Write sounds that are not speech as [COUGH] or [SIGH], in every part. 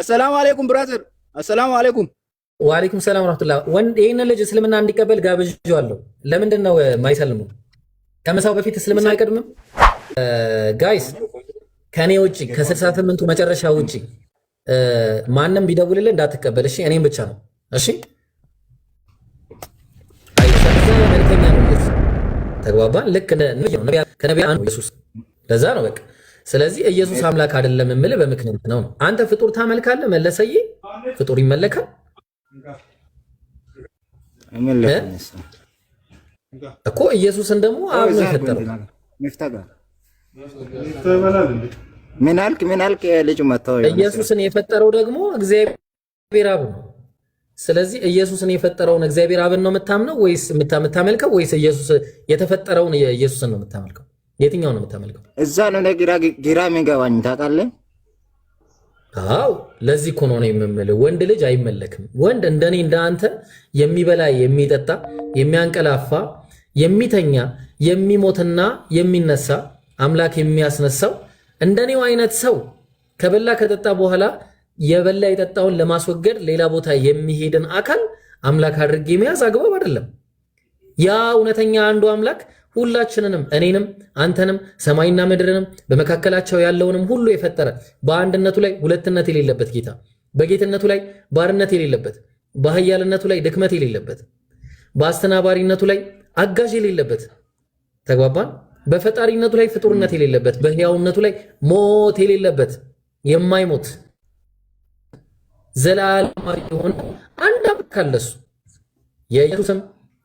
አሰላሙ አሌይኩም ብራዘር፣ አሰላሙ አሌይኩም። ወአሌይኩም ሰላም ረቱላ። ይህንን ልጅ እስልምና እንዲቀበል ጋብዣለሁ። ለምንድን ነው ማይሰልሙ? ከምሳው በፊት እስልምና አይቀድምም? ጋይስ ከእኔ ውጭ ከስልሳ ስምንቱ መጨረሻ ውጭ ማንም ቢደውልልህ እንዳትቀበል። እሺ እኔም ብቻ ነው። እሺ ተግባባን። ልክ ከነቢያ ኢየሱስ ለዛ ነው በቃ ስለዚህ ኢየሱስ አምላክ አይደለም የምልህ በምክንያት ነው። አንተ ፍጡር ታመልካለህ። መለሰዬ ፍጡር ይመለካል? እኮ ኢየሱስን ደግሞ አብ ነው የፈጠረው። ምን አልክ? ልጁ መጣው። ኢየሱስን የፈጠረው ደግሞ እግዚአብሔር አብ ነው። ስለዚህ ኢየሱስን የፈጠረውን እግዚአብሔር አብን ነው የምታምነው ወይስ የምታመልከው? ወይስ ኢየሱስ የተፈጠረውን ኢየሱስን ነው የምታመልከው? የትኛው ነው የምታመልከው? እዛ ነው ግራ የሚገባኝ ታውቃለህ። አዎ ለዚህ እኮ ነው የምምልህ፣ ወንድ ልጅ አይመለክም። ወንድ እንደኔ እንደአንተ የሚበላ የሚጠጣ የሚያንቀላፋ የሚተኛ የሚሞትና የሚነሳ አምላክ የሚያስነሳው እንደኔው አይነት ሰው ከበላ ከጠጣ በኋላ የበላ የጠጣውን ለማስወገድ ሌላ ቦታ የሚሄድን አካል አምላክ አድርጌ መያዝ አግባብ አይደለም። ያ እውነተኛ አንዱ አምላክ ሁላችንንም እኔንም አንተንም ሰማይና ምድርንም በመካከላቸው ያለውንም ሁሉ የፈጠረ በአንድነቱ ላይ ሁለትነት የሌለበት ጌታ፣ በጌትነቱ ላይ ባርነት የሌለበት፣ በኃያልነቱ ላይ ድክመት የሌለበት፣ በአስተናባሪነቱ ላይ አጋዥ የሌለበት ተግባባን። በፈጣሪነቱ ላይ ፍጡርነት የሌለበት፣ በሕያውነቱ ላይ ሞት የሌለበት የማይሞት ዘላለማዊ የሆነ አንድ አምላክ አለ እሱ የኢየሱስም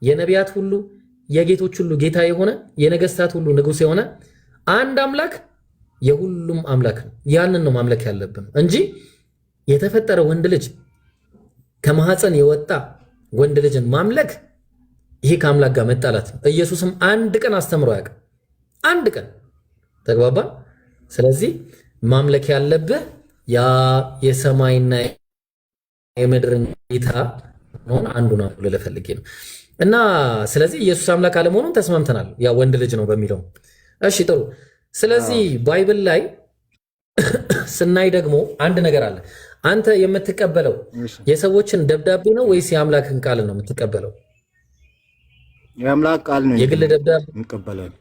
የነቢያት ሁሉ የጌቶች ሁሉ ጌታ የሆነ የነገስታት ሁሉ ንጉስ የሆነ አንድ አምላክ የሁሉም አምላክ ነው። ያንን ነው ማምለክ ያለብን እንጂ የተፈጠረ ወንድ ልጅ ከማህፀን የወጣ ወንድ ልጅን ማምለክ ይሄ ከአምላክ ጋር መጣላት ነው። ኢየሱስም አንድ ቀን አስተምሮ አያውቅም። አንድ ቀን ተግባባ። ስለዚህ ማምለክ ያለብህ ያ የሰማይና የምድርን ጌታ አንዱ ነው ልፈልጌ ነው። እና ስለዚህ ኢየሱስ አምላክ አለመሆኑን ተስማምተናል። ያ ወንድ ልጅ ነው በሚለው እሺ፣ ጥሩ። ስለዚህ ባይብል ላይ ስናይ ደግሞ አንድ ነገር አለ። አንተ የምትቀበለው የሰዎችን ደብዳቤ ነው ወይስ የአምላክን ቃል ነው የምትቀበለው? የአምላክ ቃል ነው። የግል ደብዳቤ እንቀበላለን።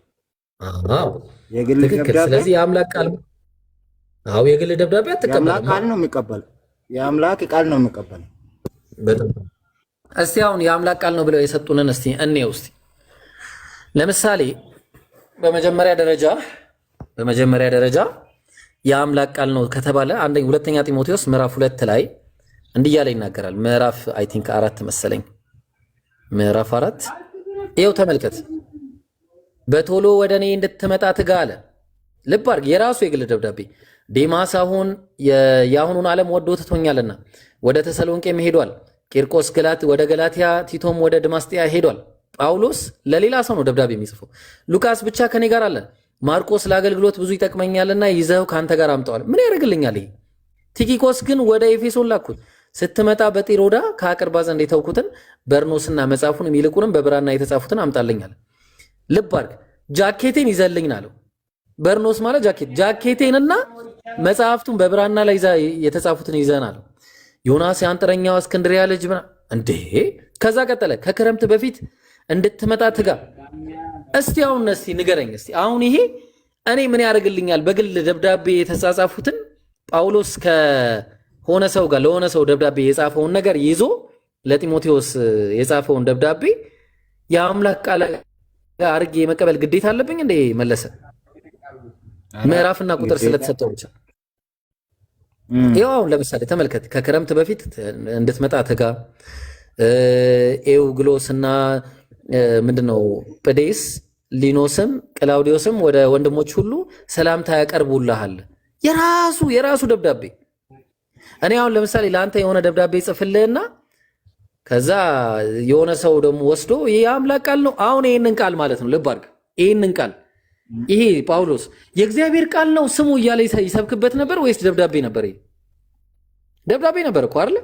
ስለዚህ የአምላክ ቃል አዎ፣ የግል ደብዳቤ አትቀበልም። የአምላክ ቃል ነው የሚቀበለው። የአምላክ ቃል ነው የሚቀበለው። በጣም እስቲ አሁን የአምላክ ቃል ነው ብለው የሰጡንን እስቲ እኔ ውስጥ ለምሳሌ በመጀመሪያ ደረጃ በመጀመሪያ ደረጃ የአምላክ ቃል ነው ከተባለ አንደ ሁለተኛ ጢሞቴዎስ ምዕራፍ ሁለት ላይ እንዲህ እያለ ይናገራል። ምዕራፍ አይ ቲንክ አራት መሰለኝ ምዕራፍ አራት ይኸው ተመልከት። በቶሎ ወደ እኔ እንድትመጣ ትጋ አለ። ልብ አድርግ፣ የራሱ የግል ደብዳቤ ዴማስ አሁን የአሁኑን ዓለም ወዶ ትቶኛልና ወደ ተሰሎንቄም ሄዷል። ቂርቆስ ወደ ገላትያ፣ ቲቶም ወደ ድማስጥያ ሄዷል። ጳውሎስ ለሌላ ሰው ነው ደብዳቤ የሚጽፈው። ሉቃስ ብቻ ከኔ ጋር አለ። ማርቆስ ለአገልግሎት ብዙ ይጠቅመኛልና ይዘው ከአንተ ጋር አምጠዋል። ምን ያደርግልኛል? ይሄ ቲኪኮስ ግን ወደ ኤፌሶን ላኩት። ስትመጣ በጢሮዳ ከአቅርባ ዘንድ የተውኩትን በርኖስና መጽሐፉንም ይልቁንም በብራና የተጻፉትን አምጣልኛል። ልብ አድርግ። ጃኬቴን ይዘልኝ አለው። በርኖስ ማለት ጃኬት፣ ጃኬቴንና መጽሐፍቱን በብራና ላይ የተጻፉትን ይዘን አለው። ዮናስ የአንጥረኛው እስክንድሪያ ልጅ ምና እንዴ። ከዛ ቀጠለ ከክረምት በፊት እንድትመጣ ትጋ። እስቲ አሁን እስቲ ንገረኝ እስቲ አሁን ይሄ እኔ ምን ያደርግልኛል? በግል ደብዳቤ የተጻጻፉትን ጳውሎስ ከሆነ ሰው ጋር ለሆነ ሰው ደብዳቤ የጻፈውን ነገር ይዞ ለጢሞቴዎስ የጻፈውን ደብዳቤ የአምላክ ቃል አድርጌ የመቀበል ግዴታ አለብኝ እንዴ? መለሰ ምዕራፍና ቁጥር ስለተሰጠው ብቻ ይኸው አሁን ለምሳሌ ተመልከት፣ ከክረምት በፊት እንድትመጣ ትጋ። ኤውግሎስ እና ምንድነው ጵዴስ ሊኖስም ቅላውዲዮስም ወደ ወንድሞች ሁሉ ሰላምታ ያቀርቡልሃል። የራሱ የራሱ ደብዳቤ እኔ አሁን ለምሳሌ ለአንተ የሆነ ደብዳቤ ጽፍልህና ከዛ የሆነ ሰው ደግሞ ወስዶ ይህ አምላክ ቃል ነው። አሁን ይህንን ቃል ማለት ነው ልብ አድርግ፣ ይህንን ቃል ይሄ ጳውሎስ የእግዚአብሔር ቃል ነው ስሙ እያለ ይሰብክበት ነበር ወይስ ደብዳቤ ነበር? ደብዳቤ ነበር እኮ አለ።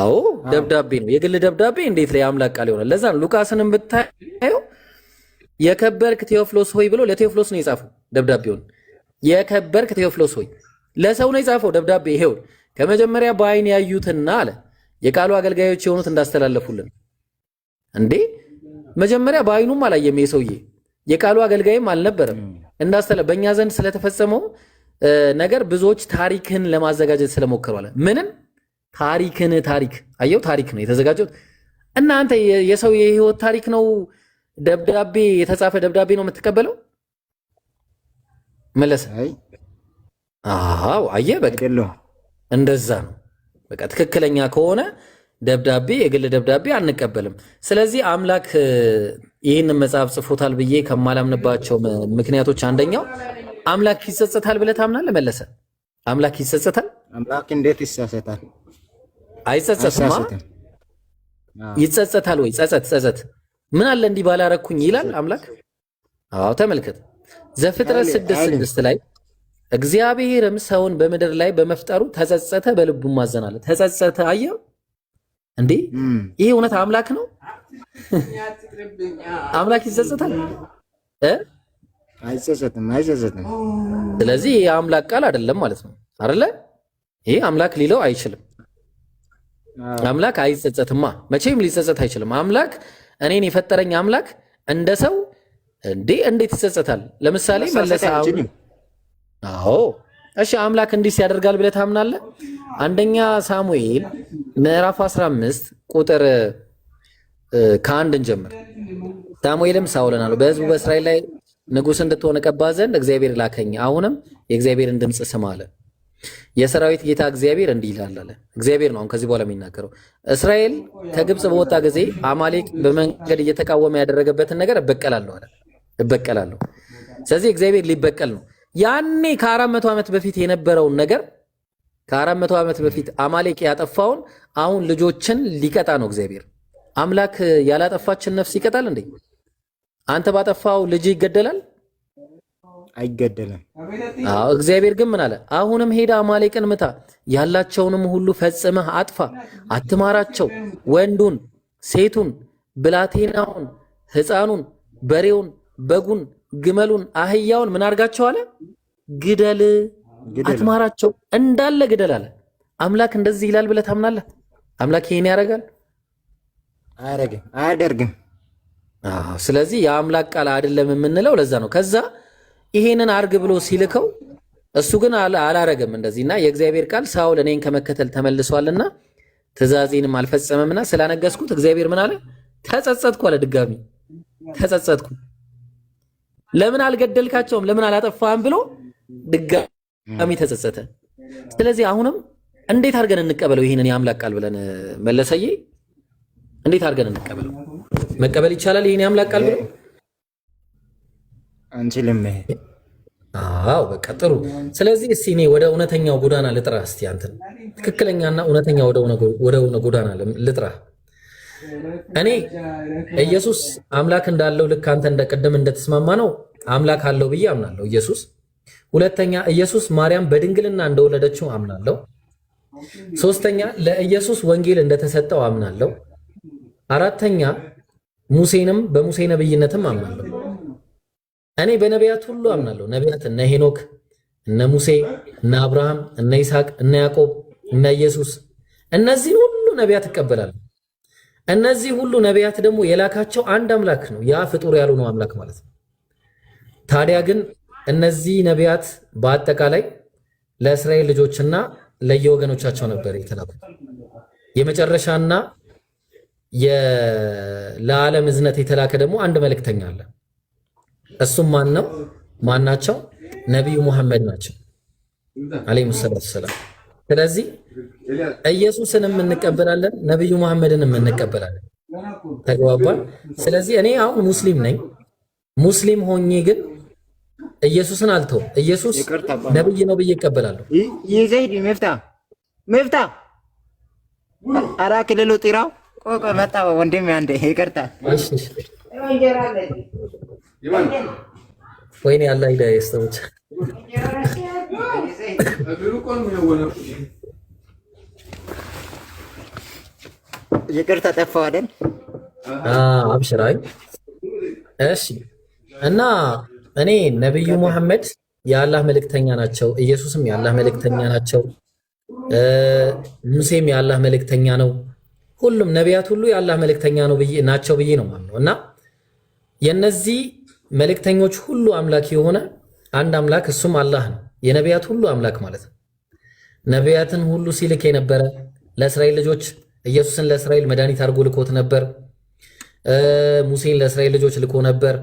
አዎ ደብዳቤ ነው። የግል ደብዳቤ እንዴት ላይ አምላክ ቃል ይሆናል? ለዛ ነው ሉቃስንም ብታየው የከበርክ ቴዎፍሎስ ሆይ ብሎ ለቴዎፍሎስ ነው የጻፈው ደብዳቤውን። የከበርክ ቴዎፍሎስ ሆይ ለሰው ነው የጻፈው ደብዳቤ። ይሄው ከመጀመሪያ በአይን ያዩትና አለ የቃሉ አገልጋዮች የሆኑት እንዳስተላለፉልን እንዴ መጀመሪያ በአይኑም አላየም የሰውዬ የቃሉ አገልጋይም አልነበረም። እንዳስተለ በእኛ ዘንድ ስለተፈጸመው ነገር ብዙዎች ታሪክን ለማዘጋጀት ስለሞከሯለ ምንም ታሪክን ታሪክ አየው ታሪክ ነው የተዘጋጀው እናንተ የሰው የህይወት ታሪክ ነው ደብዳቤ የተጻፈ ደብዳቤ ነው የምትቀበለው። መለሰ አዎ አየ በቃ እንደዛ ነው በቃ ትክክለኛ ከሆነ ደብዳቤ የግል ደብዳቤ አንቀበልም። ስለዚህ አምላክ ይህንን መጽሐፍ ጽፎታል ብዬ ከማላምንባቸው ምክንያቶች አንደኛው አምላክ ይጸጸታል ብለህ ታምናለህ? መለሰ አምላክ ይጸጸታል? አምላክ እንዴት ይጸጸታል? አይጸጸትማ። ይጸጸታል ወይ? ጸጸት ጸጸት ምን አለ እንዲህ ባላረኩኝ ይላል አምላክ? አዎ ተመልከት፣ ዘፍጥረት ስድስት ስድስት ላይ እግዚአብሔርም ሰውን በምድር ላይ በመፍጠሩ ተጸጸተ፣ በልቡ ማዘናለ ተጸጸተ አየው እንዴ ይሄ እውነት አምላክ ነው? አምላክ ይጸጸታል? አይጸጸትም፣ አይጸጸትም። ስለዚህ ይሄ አምላክ ቃል አይደለም ማለት ነው አይደለ? ይሄ አምላክ ሊለው አይችልም። አምላክ አይጸጸትማ፣ መቼም ሊጸጸት አይችልም። አምላክ እኔን የፈጠረኝ አምላክ እንደ ሰው እንዴ እንዴት ይጸጸታል? ለምሳሌ መለሰ። አዎ እሺ አምላክ እንዲህ ያደርጋል ብለህ ታምናለህ? አንደኛ ሳሙኤል ምዕራፍ 15 ቁጥር ከአንድን ጀምር። ሳሙኤልም ሳውልን አለው በሕዝቡ በእስራኤል ላይ ንጉሥ እንድትሆን ቀባ ዘንድ እግዚአብሔር ላከኝ። አሁንም የእግዚአብሔርን ድምፅ ስማ አለ። የሰራዊት ጌታ እግዚአብሔር እንዲህ ይላል አለ። እግዚአብሔር ነው አሁን ከዚህ በኋላ የሚናገረው። እስራኤል ከግብፅ በወጣ ጊዜ አማሌቅ በመንገድ እየተቃወመ ያደረገበትን ነገር እበቀላለሁ አለ። እበቀላለሁ። ስለዚህ እግዚአብሔር ሊበቀል ነው። ያኔ ከአራት መቶ ዓመት በፊት የነበረውን ነገር ከአራት መቶ ዓመት በፊት አማሌቅ ያጠፋውን አሁን ልጆችን ሊቀጣ ነው እግዚአብሔር። አምላክ ያላጠፋችን ነፍስ ይቀጣል እንዴ? አንተ ባጠፋው ልጅ ይገደላል አይገደልም? አዎ። እግዚአብሔር ግን ምን አለ? አሁንም ሄደ አማሌቅን ምታ፣ ያላቸውንም ሁሉ ፈጽመህ አጥፋ፣ አትማራቸው፣ ወንዱን፣ ሴቱን፣ ብላቴናውን፣ ሕፃኑን፣ በሬውን፣ በጉን ግመሉን አህያውን ምን አድርጋቸው አለ? ግደል፣ አትማራቸው እንዳለ ግደል አለ። አምላክ እንደዚህ ይላል ብለህ ታምናለህ? አምላክ ይሄን ያደርጋል? አያደርግም። ስለዚህ የአምላክ ቃል አይደለም የምንለው ለዛ ነው። ከዛ ይሄንን አርግ ብሎ ሲልከው እሱ ግን አላረገም እንደዚህ እና የእግዚአብሔር ቃል ሳውል እኔን ከመከተል ተመልሷልና ትእዛዜንም አልፈጸመምና ስላነገስኩት እግዚአብሔር ምን አለ? ተጸጸትኩ አለ። ድጋሚ ተጸጸትኩ ለምን አልገደልካቸውም ለምን አላጠፋህም ብሎ ድጋሚ ተጸጸተ። ስለዚህ አሁንም እንዴት አድርገን እንቀበለው ይህንን የአምላክ ቃል ብለን መለሰዬ፣ እንዴት አድርገን እንቀበለው? መቀበል ይቻላል ይህን የአምላክ ቃል ብሎ አንችልም። አዎ በቃ ጥሩ። ስለዚህ እስቲ እኔ ወደ እውነተኛው ጎዳና ልጥራ። እስቲ አንተን ትክክለኛና እውነተኛ ወደ ሆነ ጎዳና ልጥራ። እኔ ኢየሱስ አምላክ እንዳለው ልክ አንተ እንደቀደም እንደተስማማ ነው አምላክ አለው ብዬ አምናለሁ። ኢየሱስ ሁለተኛ ኢየሱስ ማርያም በድንግልና እንደወለደችው አምናለሁ። ሶስተኛ ለኢየሱስ ወንጌል እንደተሰጠው አምናለሁ። አራተኛ ሙሴንም በሙሴ ነብይነትም አምናለሁ። እኔ በነቢያት ሁሉ አምናለሁ። ነቢያት እነ ሄኖክ፣ እነ ሙሴ፣ እነ አብርሃም፣ እነ ይስሐቅ፣ እነ ያዕቆብ፣ እነ ኢየሱስ እነዚህን ሁሉ ነቢያት እቀበላለሁ። እነዚህ ሁሉ ነቢያት ደግሞ የላካቸው አንድ አምላክ ነው። ያ ፍጡር ያልሆነው አምላክ ማለት ነው። ታዲያ ግን እነዚህ ነቢያት በአጠቃላይ ለእስራኤል ልጆችና ለየወገኖቻቸው ነበር የተላኩት። የመጨረሻና ለዓለም እዝነት የተላከ ደግሞ አንድ መልእክተኛ አለ። እሱም ማን ነው? ማናቸው? ነቢዩ ሙሐመድ ናቸው አለይሂ ሰላቱ ወሰላም። ስለዚህ ኢየሱስንም እንቀበላለን፣ ነብዩ መሐመድንም እንቀበላለን። ተግባባል። ስለዚህ እኔ አሁን ሙስሊም ነኝ። ሙስሊም ሆኜ ግን ኢየሱስን አልተው። ኢየሱስ ነብይ ነው ብዬ እቀበላለሁ። ይህ መፍታ መፍታ አራ ክልሉ ጢራው ቆቆ መጣ ወንድም አንዴ ይቅርታ። ወይኔ አላህ ሂዳያ ይቅርታ ጠፋሁ አይደል? አብሽር። እሺ። እና እኔ ነብዩ ሙሐመድ የአላህ መልእክተኛ ናቸው፣ ኢየሱስም የአላህ መልእክተኛ ናቸው፣ ሙሴም የአላህ መልእክተኛ ነው። ሁሉም ነቢያት ሁሉ የአላህ መልእክተኛ ነው ናቸው ብዬ ነው ማለት ነው። እና የነዚህ መልእክተኞች ሁሉ አምላክ የሆነ አንድ አምላክ እሱም አላህ ነው፣ የነቢያት ሁሉ አምላክ ማለት ነው። ነቢያትን ሁሉ ሲልክ የነበረ ለእስራኤል ልጆች ኢየሱስን ለእስራኤል መድኃኒት አድርጎ ልኮት ነበር። ሙሴን ለእስራኤል ልጆች ልኮ ነበር።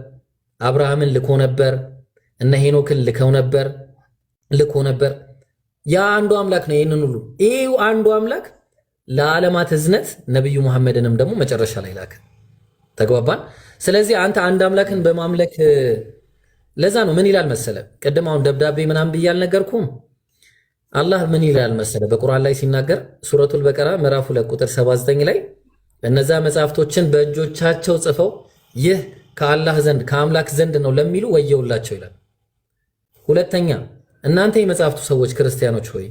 አብርሃምን ልኮ ነበር። እነ ሄኖክን ልከው ነበር ልኮ ነበር። ያ አንዱ አምላክ ነው። ይህንን ሁሉ ይህ አንዱ አምላክ ለዓለማት እዝነት ነቢዩ መሐመድንም ደግሞ መጨረሻ ላይ ላከ። ተግባባን። ስለዚህ አንተ አንድ አምላክን በማምለክ ለዛ ነው ምን ይላል መሰለ፣ ቅድም አሁን ደብዳቤ ምናምን ብዬ አልነገርኩም። አላህ ምን ይላል መሰለ በቁርአን ላይ ሲናገር ሱረቱል በቀራ ምዕራፍ 2 ቁጥር 79 ላይ እነዛ መጽሐፍቶችን በእጆቻቸው ጽፈው ይህ ከአላህ ዘንድ ከአምላክ ዘንድ ነው ለሚሉ ወየውላቸው ይላል። ሁለተኛ እናንተ የመጽሐፍቱ ሰዎች ክርስቲያኖች ሆይ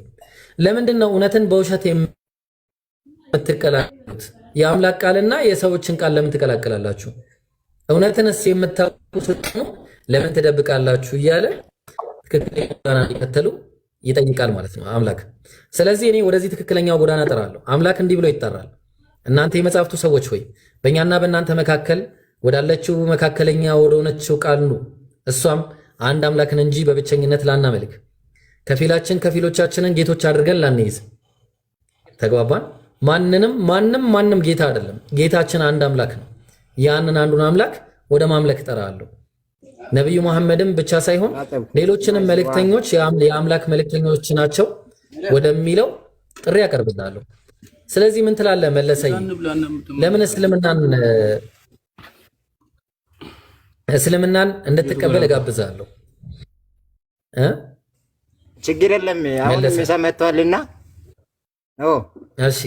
ለምንድን ነው እውነትን በውሸት የምትቀላቀሉት? የአምላክ ቃልና የሰዎችን ቃል ለምን ትቀላቀላላችሁ? እውነትንስ የምታውቁ ስትሆኑ ለምን ትደብቃላችሁ እያለ ትክክለኛ ጎዳና እንዲከተሉ ይጠይቃል ማለት ነው አምላክ። ስለዚህ እኔ ወደዚህ ትክክለኛ ጎዳና እጠራለሁ። አምላክ እንዲህ ብሎ ይጠራል። እናንተ የመጻፍቱ ሰዎች ሆይ በእኛና በእናንተ መካከል ወዳለችው መካከለኛ ወደሆነችው ቃል ኑ። እሷም አንድ አምላክን እንጂ በብቸኝነት ላናመልክ፣ ከፊላችን ከፊሎቻችንን ጌቶች አድርገን ላንይዝ። ተግባባን? ማንንም ማንም ማንም ጌታ አይደለም። ጌታችን አንድ አምላክ ነው። ያንን አንዱን አምላክ ወደ ማምለክ እጠራለሁ። ነቢዩ መሐመድም ብቻ ሳይሆን ሌሎችንም መልእክተኞች የአምላክ መልእክተኞች ናቸው ወደሚለው ጥሪ ያቀርብላሉ። ስለዚህ ምን ትላለህ መለሰይ? ለምን እስልምናን እስልምናን እንድትቀበል እጋብዛለሁ። ችግር የለም አሁን ምሳ መጥቷልና፣ እሺ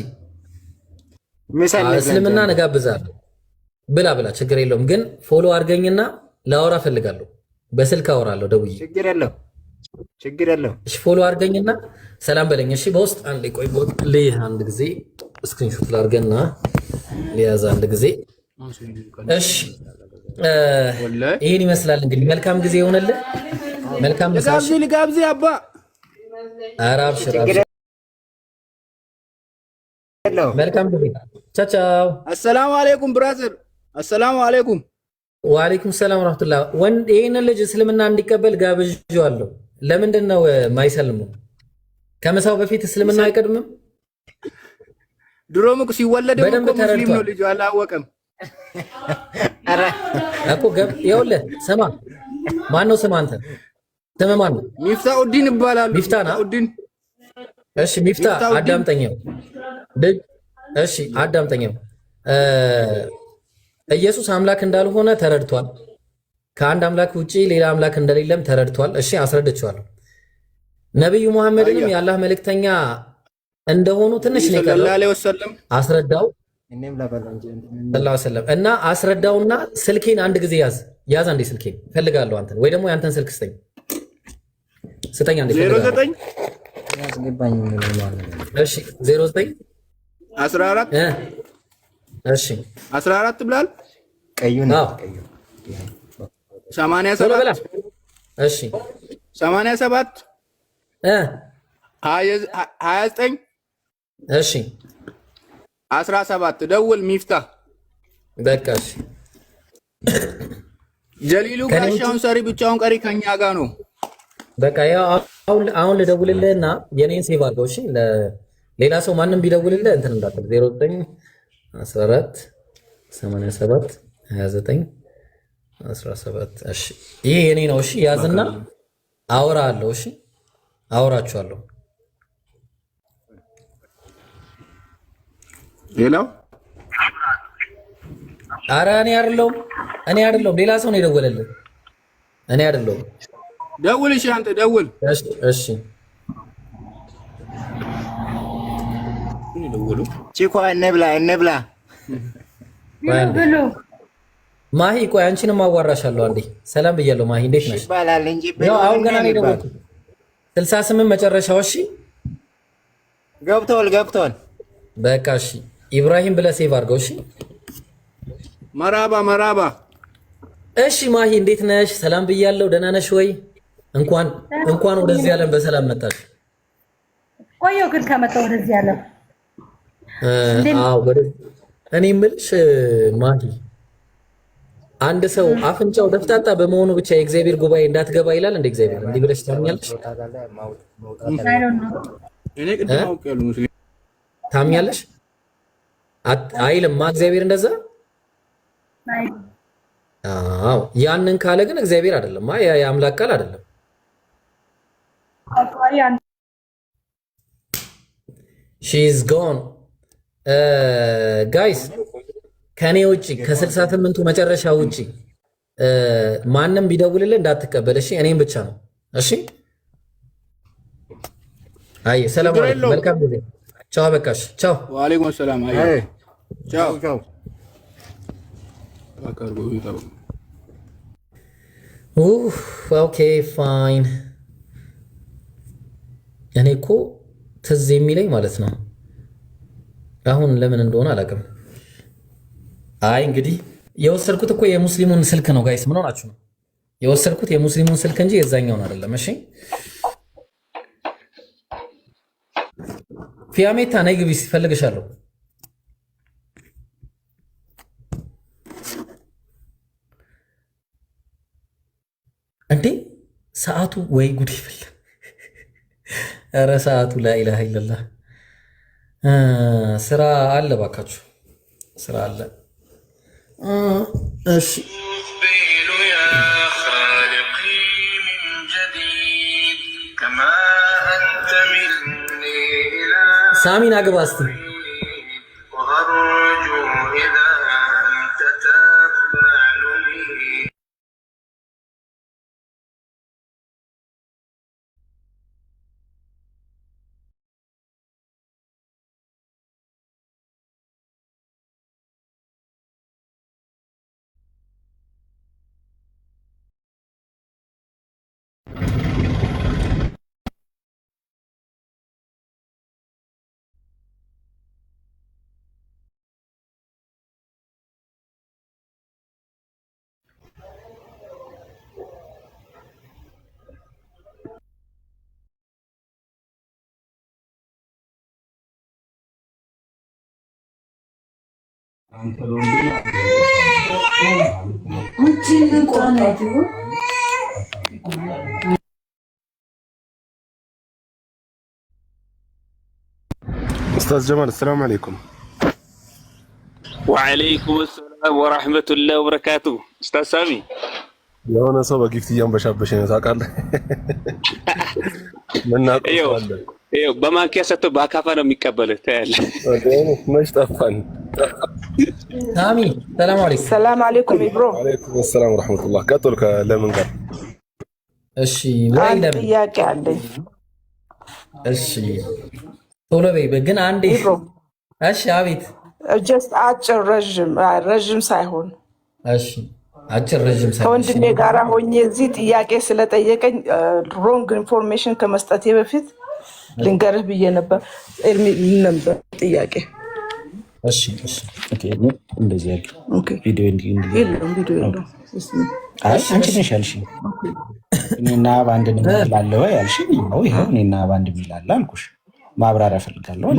እስልምናን እጋብዛለሁ ብላ ብላ ችግር የለውም ግን ፎሎ አድርገኝና ላወራ እፈልጋለሁ። በስልክ አወራለሁ ደውዬ። ችግር የለው ችግር የለው። እሺ ፎሎ አድርገኝና ሰላም በለኝ። እሺ በውስጥ አንድ ቆይ ልይህ አንድ ጊዜ ስክሪንሾት ላድርገና ሊያዝ አንድ ጊዜ። እሺ ይህን ይመስላል እንግዲህ። መልካም ጊዜ ይሆንልህ። መልካም ምሳሽ ልጋብዚ አባ አራብ ሽራብ መልካም ጊዜ። ቻቻው። አሰላሙ አሌይኩም ብራዘር። አሰላሙ አሌይኩም ወአለይኩም ሰላም ረህመቱላ። ወንድ ይህንን ልጅ እስልምና እንዲቀበል ጋብዣለሁ። ለምንድን ነው ማይሰልሙ? ከመሳው በፊት እስልምና አይቀድምም? ድሮም እኮ ሲወለድ ሙስሊም ነው ልጁ። አላወቀም እኮ ገብ ይኸውልህ፣ ስማ፣ ማን ነው ስም? አንተ ስም ማን ነው? ሚፍታኡዲን ይባላሉ። ሚፍታ ና። እሺ ሚፍታ፣ አዳምጠኛው። እሺ አዳምጠኛው ኢየሱስ አምላክ እንዳልሆነ ተረድቷል። ከአንድ አምላክ ውጪ ሌላ አምላክ እንደሌለም ተረድቷል። እሺ አስረድቼዋለሁ። ነቢዩ መሐመድንም የአላህ መልእክተኛ እንደሆኑ ትንሽ ነው የቀረው። አስረዳው ሰለም እና አስረዳውና ስልኬን አንድ ጊዜ ያዝ ያዝ። አንዴ ስልኬን ፈልጋለሁ። አንተ ወይ ደግሞ ያንተን ስልክ ስጠኝ ስጠኝ። አንዴ ፈልጋለሁ። እሺ ዜሮ ዘጠኝ አስራ አራት እሺ 14 ብላል። ቀዩ ነው ቀዩ 87 እሺ 87 ደውል ሚፍታ በቃ እሺ። ጀሊሉ ጋሻውን ሰሪ ብቻውን ቀሪ ከኛ ጋ ነው። በቃ ያው አሁን አሁን እና የኔን ሴቭ አድርገው እሺ። ሌላ ሰው ማንም ቢደውልልህ እንትን እንዳትል ዘጠኝ 14 87 29 17 እሺ፣ ይሄ የኔ ነው። እሺ ያዝና አውራ አለው። እሺ አውራችኋለሁ። ሌላው አረ እኔ አይደለሁም፣ እኔ አይደለሁም፣ ሌላ ሰው ነው የደወለልን። እኔ አይደለሁም። ደውል። እሺ አንተ ደውል። እሺ እሺ ብሉ ቺኳ እንብላ እንብላ ብሉ ማሂ ቆይ አንቺንም አዋራሻለሁ አንዴ ሰላም ብያለሁ ማሂ እንዴት ነሽ ይባላል እንጂ አሁን ገና ነው ደወልኩ ስልሳ ስምንት መጨረሻው እሺ ገብቶል ገብቶል። በቃ እሺ ኢብራሂም ብለህ ሴቭ አድርገው እሺ መራባ መራባ እሺ ማሂ እንዴት ነሽ ሰላም ብያለሁ ደህና ነሽ ወይ እንኳን እንኳን ወደዚህ ዓለም በሰላም መጣሽ ቆየሁ ግን ከመጣሁ ወደዚህ ዓለም እኔ የምልሽ ማሂ አንድ ሰው አፍንጫው ደፍጣጣ በመሆኑ ብቻ የእግዚአብሔር ጉባኤ እንዳትገባ ይላል። እንደ እግዚአብሔር እንዲህ ብለሽ ታምኛለሽ? ታምኛለሽ? አይልማ እግዚአብሔር እንደዛ። አዎ ያንን ካለ ግን እግዚአብሔር አይደለም፣ የአምላክ ቃል አይደለም። ሺ ኢዝ ጎን ጋይስ ከኔ ውጭ ከስልሳ ስምንቱ መጨረሻ ውጭ ማንም ቢደውልልህ እንዳትቀበል። እሺ እኔም ብቻ ነው። እሺ አይ ሰላም መልካም ጊዜ። ቻው። በቃሽ። ቻው። ወአለይኩም ሰላም። አይ ቻው ቻው። ኦኬ ፋይን። እኔ እኮ ትዝ የሚለኝ ማለት ነው አሁን ለምን እንደሆነ አላውቅም። አይ እንግዲህ የወሰድኩት እኮ የሙስሊሙን ስልክ ነው ጋይስ፣ ምን ሆናችሁ ነው? የወሰድኩት የሙስሊሙን ስልክ እንጂ የዛኛውን አይደለም። እሺ ፊያሜታ ነይ ግቢ፣ እፈልግሻለሁ። እንዴ ሰዓቱ ወይ ጉድ ይፈል [LAUGHS] ኧረ ሰዓቱ ላኢላሃ ኢለላህ ስራ አለ፣ ባካችሁ ስራ አለ። እሺ ሳሚን አግባ እስቲ ኡስታዝ ጀማል አሰላሙ አለይኩም። ወአለይኩም ሰላም ወራህመቱላህ ወበረካቱ። ኡስታዝ ሳሚ የሆነ ሰው በጊፍት እያንበሻበሽ ነው ታውቃለህ። ምናውቀው በማንኪያ ሰጥቶ በአካፋ ነው የሚቀበልህ። ታያለህ። መች ጠፋን። ሳሚ ሰላም አለይኩም። ሰላም አለይኩም ብሮ። አለይኩም ሰላም ወራህመቱላህ። ቀጥል ከለምን ጋር እሺ። ወይ ለምን ጥያቄ አለኝ። እሺ ቶሎ በይ ግን አንዴ። እሺ አቤት። ጀስት አጭር ረዥም ረዥም ሳይሆን እሺ አጭር ረዥም ሳይሆን ከወንድሜ ጋራ ሆኜ እዚህ ጥያቄ ስለጠየቀኝ ሮንግ ኢንፎርሜሽን ከመስጠቴ በፊት ልንገርህ ብዬ ነበር ነበር ጥያቄ እሺ እሺ ኦኬ እንደዚህ ኦኬ ቪዲዮ እንዲ እንዲ አይ አንቺ ነሽ እኔና ባንድ እንላለ ያልሽ ነው። ይሄው እኔና ባንድ እንላለ አልኩሽ። ማብራሪያ ፈልጋለሁ።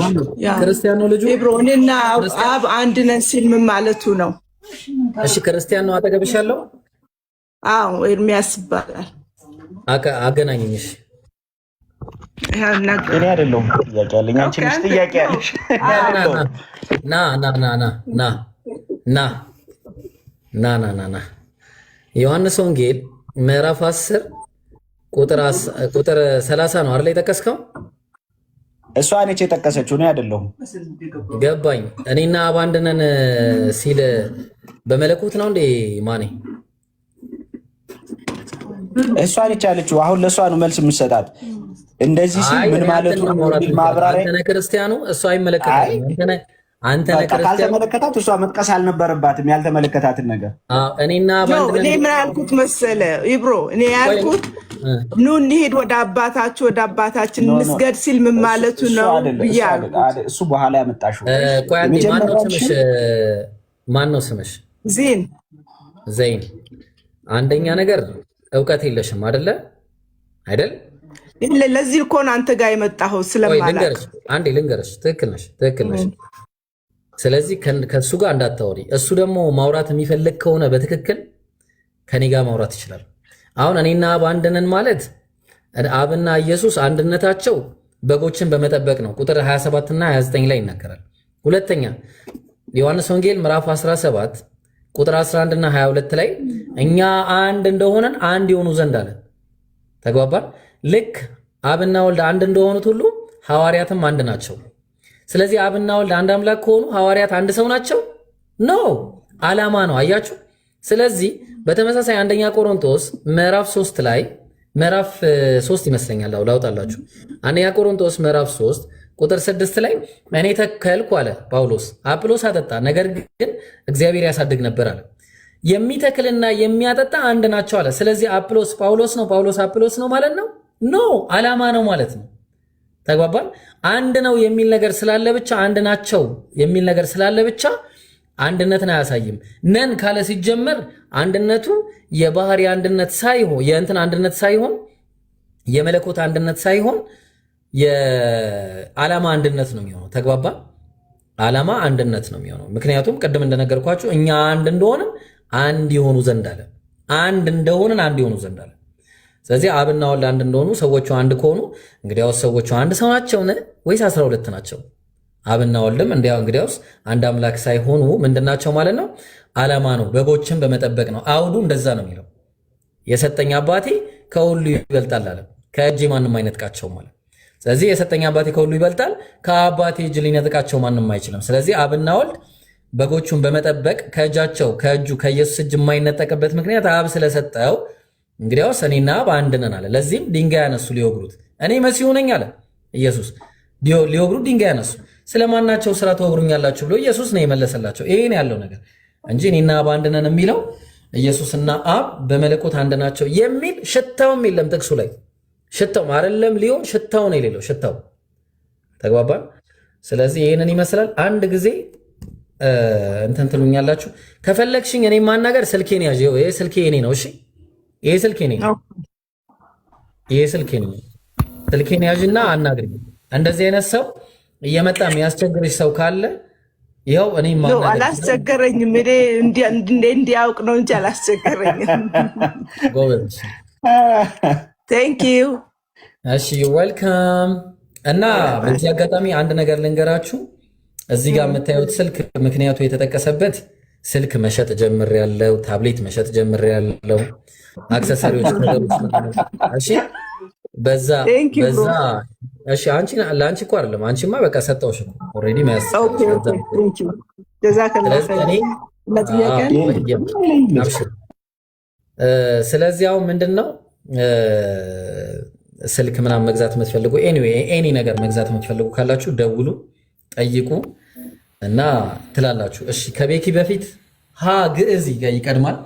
ክርስቲያን ነው ልጁ ብሮ እኔና አብ አንድ ነን ሲል ምን ማለቱ ነው? እሺ ክርስቲያን ነው አጠገብሽ ያለው? አዎ ኤርሚያስ ይባላል። አገናኝሽ እኔ አይደለሁም ጥያቄ አለኝ። አንቺ ነሽ ጥያቄ አለሽ። ና ና ና ና ና ና ና ና ና ዮሐንስ ወንጌል ምዕራፍ 10 ቁጥር 30 ነው አይደል? የጠቀስከው እሷ ነች የጠቀሰችው፣ እኔ አይደለሁም። ገባኝ። እኔና አብ ሲል በመለኮት ነው እንዴ ማኔ? እሷ ነች ያለችው። አሁን ለእሷ ነው መልስ የምሰጣት እንደዚህ ሲል ምን ማለቱ ማብራሪያ ክርስቲያኑ እሱ አይመለከታል አንተ ካልተመለከታት እሷ መጥቀስ አልነበረባትም ያልተመለከታትን ነገር። እኔና እኔ ምን ያልኩት መሰለ ይብሮ እኔ ያልኩት ኑ እንሄድ ወደ አባታችሁ ወደ አባታችን እንስገድ ሲል ምን ማለቱ ነው ብዬ እሱ በኋላ ያመጣሽው ነው ስምሽ? ዜን ዜን። አንደኛ ነገር እውቀት የለሽም አደለ አይደል ለዚህ እኮ ነው አንተ ጋር የመጣኸው ስለማላውቅ። አንዴ ልንገርሽ። ትክክል ነሽ፣ ትክክል ነሽ። ስለዚህ ከእሱ ጋር እንዳታወሪ። እሱ ደግሞ ማውራት የሚፈልግ ከሆነ በትክክል ከኔ ጋር ማውራት ይችላል። አሁን እኔና አብ አንድ ነን ማለት አብና ኢየሱስ አንድነታቸው በጎችን በመጠበቅ ነው። ቁጥር 27 እና 29 ላይ ይናገራል። ሁለተኛ ዮሐንስ ወንጌል ምዕራፍ 17 ቁጥር 11 እና 22 ላይ እኛ አንድ እንደሆነን አንድ የሆኑ ዘንድ አለ። ተግባባል። ልክ አብና ወልድ አንድ እንደሆኑት ሁሉ ሐዋርያትም አንድ ናቸው። ስለዚህ አብና ወልድ አንድ አምላክ ከሆኑ ሐዋርያት አንድ ሰው ናቸው? ኖ ዓላማ ነው። አያችሁ። ስለዚህ በተመሳሳይ አንደኛ ቆሮንቶስ ምዕራፍ 3 ላይ ምዕራፍ 3 ይመስለኛል ላውጣላችሁ። አንደኛ ቆሮንቶስ ምዕራፍ 3 ቁጥር 6 ላይ እኔ ተከልኩ አለ ጳውሎስ፣ አጵሎስ አጠጣ፣ ነገር ግን እግዚአብሔር ያሳድግ ነበር አለ። የሚተክልና የሚያጠጣ አንድ ናቸው አለ። ስለዚህ አጵሎስ ጳውሎስ ነው፣ ጳውሎስ አጵሎስ ነው ማለት ነው። ኖ አላማ ነው ማለት ነው። ተግባባል። አንድ ነው የሚል ነገር ስላለ ብቻ አንድ ናቸው የሚል ነገር ስላለ ብቻ አንድነትን አያሳይም። ነን ካለ ሲጀመር አንድነቱ የባህሪ አንድነት ሳይሆን የእንትን አንድነት ሳይሆን የመለኮት አንድነት ሳይሆን የዓላማ አንድነት ነው የሚሆነው። ተግባባ። ዓላማ አንድነት ነው የሚሆነው። ምክንያቱም ቅድም እንደነገርኳችሁ እኛ አንድ እንደሆንን አንድ የሆኑ ዘንድ አለ አንድ እንደሆንን አንድ የሆኑ ዘንድ አለ ስለዚህ አብና ወልድ አንድ እንደሆኑ ሰዎቹ አንድ ከሆኑ እንግዲያውስ ሰዎቹ አንድ ሰው ናቸው ወይስ አስራ ሁለት ናቸው? አብና ወልድም እንግዲያውስ አንድ አምላክ ሳይሆኑ ናቸው ማለት ነው? ዓላማ ነው፣ በጎችን በመጠበቅ ነው። አውዱ እንደዛ ነው የሚለው የሰጠኝ አባቴ ከሁሉ ይበልጣል አለ። ከእጅ ማንም አይነጥቃቸው ማለት ስለዚህ የሰጠኝ አባቴ ከሁሉ ይበልጣል፣ ከአባቴ እጅ ሊነጥቃቸው ማንም አይችልም። ስለዚህ አብና ወልድ በጎቹን በመጠበቅ ከእጃቸው ከእጁ ከኢየሱስ እጅ የማይነጠቅበት ምክንያት አብ ስለሰጠው እንግዲያውስ እኔና አብ ነን አለ። ለዚህም ድንጋይ ያነሱ ሊወግሩት። እኔ መሲሁ ነኝ አለ ኢየሱስ። ሊወግሩት ድንጋይ አነሱ። ስለማናቸው ስራ ተወግሩኛላችሁ ብሎ ኢየሱስ ነው የመለሰላቸው። ይሄን ያለው ነገር እንጂ እኔና አብ ነን የሚለው ኢየሱስና አብ በመለኮት አንድ ናቸው የሚል ሽታውም የለም ጥቅሱ ላይ ሽታው አይደለም ሊሆን ሽታው ነው የሌለው ሽታው ተግባባን። ስለዚህ ይህንን ይመስላል። አንድ ጊዜ እንትን ትሉኛላችሁ። ከፈለግሽኝ እኔ ማናገር ስልኬን ያዥ፣ ስልኬ እኔ ነው። እሺ ይሄ ስልኬ ነኝ። ይሄ ስልኬ ነኝ። ስልኬን ያዥና አናግሪኝ። እንደዚህ አይነት ሰው እየመጣ የሚያስቸግርሽ ሰው ካለ ይኸው እኔ አላስቸገረኝም። እንዲያውቅ ነው እንጂ አላስቸገረኝም። [LAUGHS] ጎበዝ ቴንክ ዩ። እሺ ዌልካም። እና በዚህ አጋጣሚ አንድ ነገር ልንገራችሁ። እዚህ ጋር የምታዩት ስልክ ምክንያቱ የተጠቀሰበት ስልክ መሸጥ ጀምር ያለው ታብሌት መሸጥ ጀምር ያለው አክሰሰሪዎች [LAUGHS] በዛ በዛ እሺ፣ አንቺ ለአንቺ እኮ አይደለም አንቺማ በቃ ሰጠውሽ እኮ ኦልሬዲ መያዝ ስለዚህ አሁን ምንድን ነው ስልክ ምናምን መግዛት የምትፈልጉ ኤኒ ነገር መግዛት የምትፈልጉ ካላችሁ ደውሉ፣ ጠይቁ። እና ትላላችሁ። እሺ ከቤኪ በፊት ሀ ግዕዝ ይቀድማል።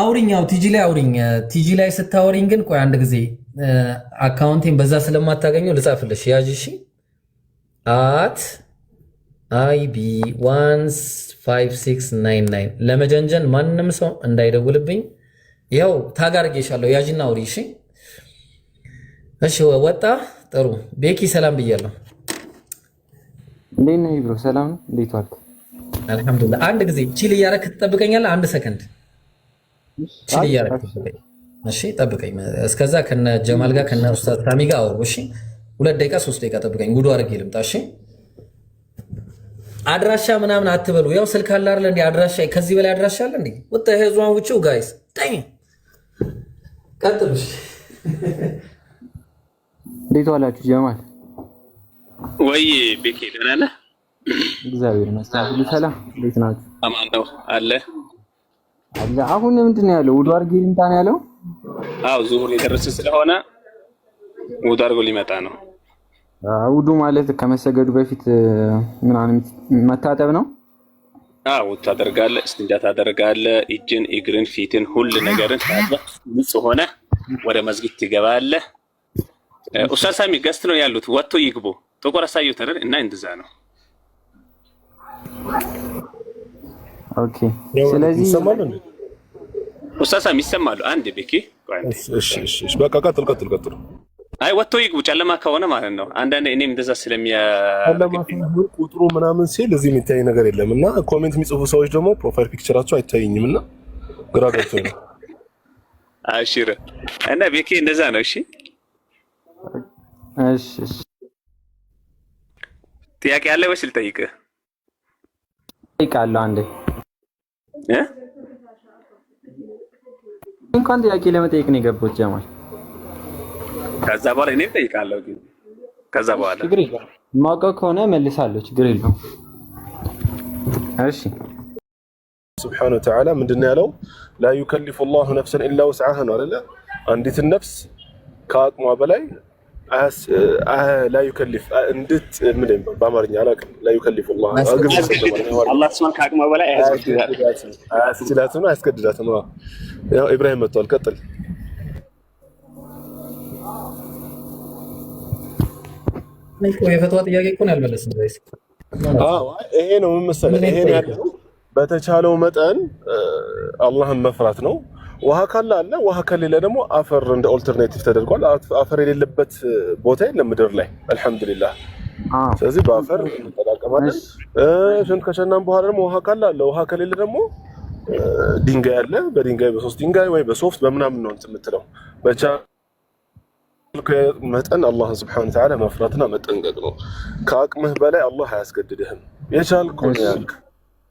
አውሪኛው ቲጂ ላይ አውሪኝ። ቲጂ ላይ ስታወሪኝ ግን ቆይ አንድ ጊዜ አካውንቴን በዛ ስለማታገኘው ልጻፍልሽ፣ ያዥ። እሺ አት አይቢ 15699 ለመጀንጀን ማንም ሰው እንዳይደውልብኝ፣ ያው ታጋርጌሻለሁ። ያዥና አውሪ። እሺ እሺ፣ ወጣ ጥሩ። ቤኪ ሰላም ብያለሁ። እንዴት ነህ ብሮ? ሰላም ነው። እንዴት ዋልክ? አልሐምዱሊላህ። አንድ ጊዜ ቺል እያደረክ ትጠብቀኛለህ? አንድ ሰከንድ ቺል እያደረክ ትጠብቀኝ። እሺ ጠብቀኝ። እስከዛ ከነ ጀማል ጋር ከነ ኡስታዝ ታሚ ጋር አውሩ። እሺ ሁለት ደቂቃ ሶስት ደቂቃ ጠብቀኝ። ጉዱ አድርጌ ልምጣ። እሺ አድራሻ ምናምን አትበሉ። ያው ስልክ አለ አይደል እንዴ? አድራሻ ከዚህ በላይ አድራሻ አለ እንዴ? ወጣ ሄዟን ውጪው ጋይስ ጣኝ ቀጥሉ። እሺ እንዴት ዋላችሁ ጀማል ወይ ቤኬ ደህና ነህ? እግዚአብሔር ይመስገን ሁሉ ሰላም። እንዴት ናችሁ? አማን ነው አለ አለ። አሁን ምንድን ነው ያለው? ውዱ አድርጌ ልምጣ ነው ያለው? አዎ ዙሁር የደረሰ ስለሆነ ውዱ አድርጎ ሊመጣ ነው። ውዱ ማለት ከመሰገዱ በፊት ምናምን መታጠብ ነው። አዎ ታደርጋለህ፣ እስቲንጃ ታደርጋለህ። እጅን፣ እግርን፣ ፊትን፣ ሁሉ ነገርን ንጹህ ሆነ ወደ መስጊድ ትገባለህ። ኡስታዝ ሳሚ ገስት ነው ያሉት፣ ወጥቶ ይግቦ ጥቁር አሳዩ አይደል? እና እንደዛ ነው። ኦኬ። ስለዚህ ኡስታዝ ሳሚ ይሰማሉ? አንድ ቤኪ። እሺ፣ እሺ፣ በቃ ቀጥል፣ ቀጥል፣ ቀጥል። አይ ወጥቶ ይግቡ፣ ጨለማ ከሆነ ማለት ነው። አንዳንድ እኔም እንደዛ ስለሚያ ቁጥሩ ምናምን ሲል እዚህ የሚታይ ነገር የለም እና ኮሜንት የሚጽፉ ሰዎች ደግሞ ፕሮፋይል ፒክቸራቸው አይታየኝም እና ግራ ገብቶ ነው። አሽረ እና ቤኪ እንደዛ ነው። እሺ ጥያቄ አለ ወይስ ልጠይቅህ? ጠይቃለሁ። አንዴ እንኳን ጥያቄ ለመጠየቅ ነው የገባሁት ጀማል። ከዛ በኋላ እኔም ጠይቃለሁ። ከዛ በኋላ ችግር የለውም የማውቀው ከሆነ መልሳለሁ። ችግር የለውም። እሺ ስብሐነ ወተዓላ ምንድን ነው ያለው? ላ ዩከሊፉ ላሁ ነፍሰን ኢላ ውስዓሃ ነው አይደለ? አንዲትን ነፍስ ከአቅሟ በላይ ላይ ከሊፍ እንድት ምን በአማርኛ አላውቅም። ላይ ከሊፍ አላህ እሷን ከአቅሟ በላይ አያስችላትም፣ አያስገድዳትም። ያው ኢብራሂም መጥቷል። ቀጥል። የፈትዋ ጥያቄ እኮ ነው ያልመለስን። ይሄ ነው ምን መሰለህ፣ ይሄ ነው ያለው። በተቻለው መጠን አላህን መፍራት ነው ውሃ ካለ አለ፣ ውሃ ከሌለ ደግሞ አፈር እንደ ኦልተርኔቲቭ ተደርጓል። አፈር የሌለበት ቦታ የለም ምድር ላይ አልሐምዱሊላህ። ስለዚህ በአፈር እንጠቃቀማለን። ሽንት ከሸናን በኋላ ደግሞ ውሃ ካለ አለ፣ ውሃ ከሌለ ደግሞ ድንጋይ አለ። በድንጋይ በሶስት ድንጋይ ወይ በሶፍት በምናምን ነው የምትለው በቻ መጠን አላህ ስብሐነ ወተዓላ መፍራትና መጠንቀቅ ነው። ከአቅምህ በላይ አላህ አያስገድድህም። የቻልከውን ያህል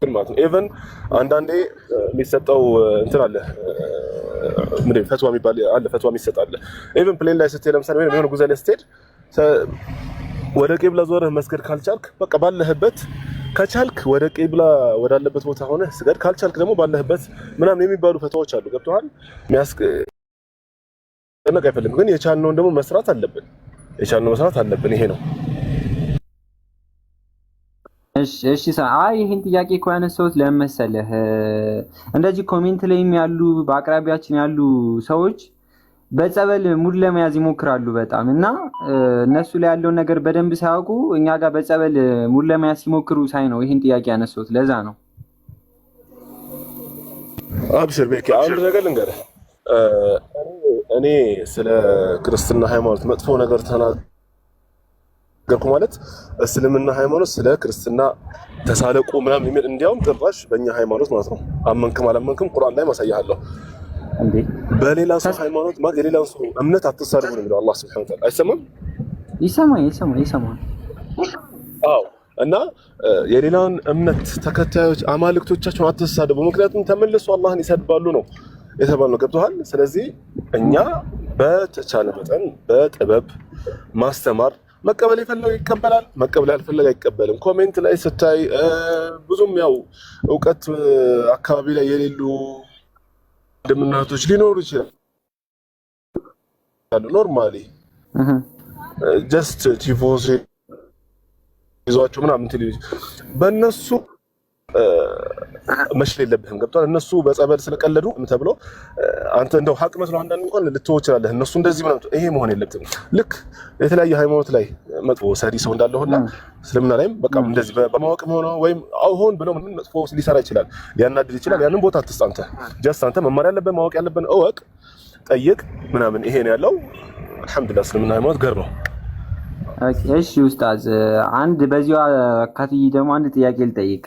ግን ማለት ነው። ኢቨን አንዳንዴ የሚሰጠው እንትን አለ ምንድን ፈትዋ የሚባል አለ። ፈትዋ የሚሰጥ አለ። ኢቨን ፕሌን ላይ ስትሄድ ለምሳሌ ወይም የሆነ ጉዞ ላይ ስትሄድ ወደ ቄብላ ዞረህ መስገድ ካልቻልክ በቃ ባለህበት ከቻልክ ወደ ቄብላ ወዳለበት ቦታ ሆነ ስገድ፣ ካልቻልክ ደግሞ ባለህበት ምናምን የሚባሉ ፈትዋዎች አሉ። ገብቶሃል? የሚያስጨነቅ አይፈልግም። ግን የቻልነውን ደግሞ መስራት አለብን። የቻልነው መስራት አለብን። ይሄ ነው እሺ አይ ይህን ጥያቄ እኮ ያነሳሁት ለምን መሰለህ፣ እንደዚህ ኮሜንት ላይም ያሉ በአቅራቢያችን ያሉ ሰዎች በጸበል ሙድ ለመያዝ ይሞክራሉ በጣም እና እነሱ ላይ ያለውን ነገር በደንብ ሳያውቁ እኛ ጋር በጸበል ሙድ ለመያዝ ሲሞክሩ ሳይ ነው ይህን ጥያቄ ያነሳሁት። ለዛ ነው። አብሽር ቤኪ፣ አንድ ነገር ልንገርህ። እኔ ስለ ክርስትና ሃይማኖት መጥፎ ነገር ተናግሬ ነገርኩ ማለት እስልምና ሃይማኖት ስለ ክርስትና ተሳለቁ ምናምን የሚል እንዲያውም ጭራሽ በእኛ ሃይማኖት ማለት ነው። አመንክም አላመንክም ቁርአን ላይ ማሳያለሁ። በሌላ ሰው ሃይማኖት ማለት የሌላ ሰው እምነት አትሳደቡ ነው የሚለው አላህ ሱብሓነሁ ወተዓላ። አይሰማም? ይሰማል፣ ይሰማል፣ ይሰማል። አዎ። እና የሌላውን እምነት ተከታዮች አማልክቶቻቸውን አትሳደቡ፣ ምክንያቱም ተመልሶ አላህን ይሰድባሉ ነው የተባልነው። ገብቶሃል? ስለዚህ እኛ በተቻለ መጠን በጥበብ ማስተማር መቀበል የፈለገ ይቀበላል፣ መቀበል ያልፈለገ አይቀበልም። ኮሜንት ላይ ስታይ ብዙም ያው እውቀት አካባቢ ላይ የሌሉ ወንድምናቶች ሊኖሩ ይችላል። ኖርማሊ ጀስት ቲፎ ይዟቸው ምናምን በእነሱ መሽል የለብህም ገብቷል። እነሱ በጸበል ስለቀለዱ ተብሎ አንተ እንደው ሀቅ መስሎ አንዳንድ እንኳን ልትወ ይችላለህ። እነሱ እንደዚህ ምናምን ይሄ መሆን የለብትም። ልክ የተለያየ ሃይማኖት ላይ መጥፎ ሰሪ ሰው እንዳለ ሁላ እስልምና ላይም በቃ እንደዚህ በማወቅ ሆነ ወይም አሁን ብለው ምን መጥፎ ሊሰራ ይችላል፣ ሊያናድድ ይችላል። ያንን ቦታ አትስጥ። አንተ ጀስት አንተ መማር ያለብን ማወቅ ያለብን እወቅ፣ ጠይቅ ምናምን። ይሄ ነው ያለው። አልሐምዱሊላህ እስልምና ሃይማኖት ገር ነው። እሺ ኡስታዝ፣ አንድ በዚሁ አካትዬ ደግሞ አንድ ጥያቄ ልጠይቅ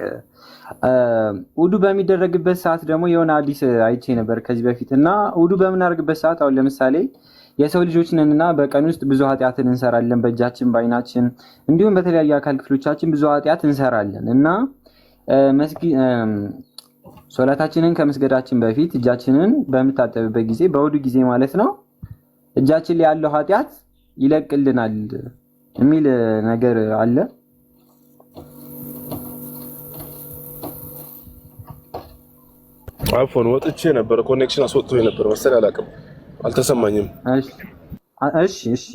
ውዱ በሚደረግበት ሰዓት ደግሞ የሆነ አዲስ አይቼ ነበር ከዚህ በፊት እና ውዱ በምናደርግበት ሰዓት አሁን ለምሳሌ የሰው ልጆች በቀን ውስጥ ብዙ ኃጢአትን እንሰራለን። በእጃችን፣ በአይናችን እንዲሁም በተለያዩ አካል ክፍሎቻችን ብዙ ኃጢአት እንሰራለን እና ሶላታችንን ከመስገዳችን በፊት እጃችንን በምታጠብበት ጊዜ በውዱ ጊዜ ማለት ነው እጃችን ላይ ያለው ኃጢአት ይለቅልናል የሚል ነገር አለ። አይፎን ወጥቼ ነበር፣ ኮኔክሽን አስወጥቶ ነበር መሰለህ፣ አላውቅም፣ አልተሰማኝም። እሺ እሺ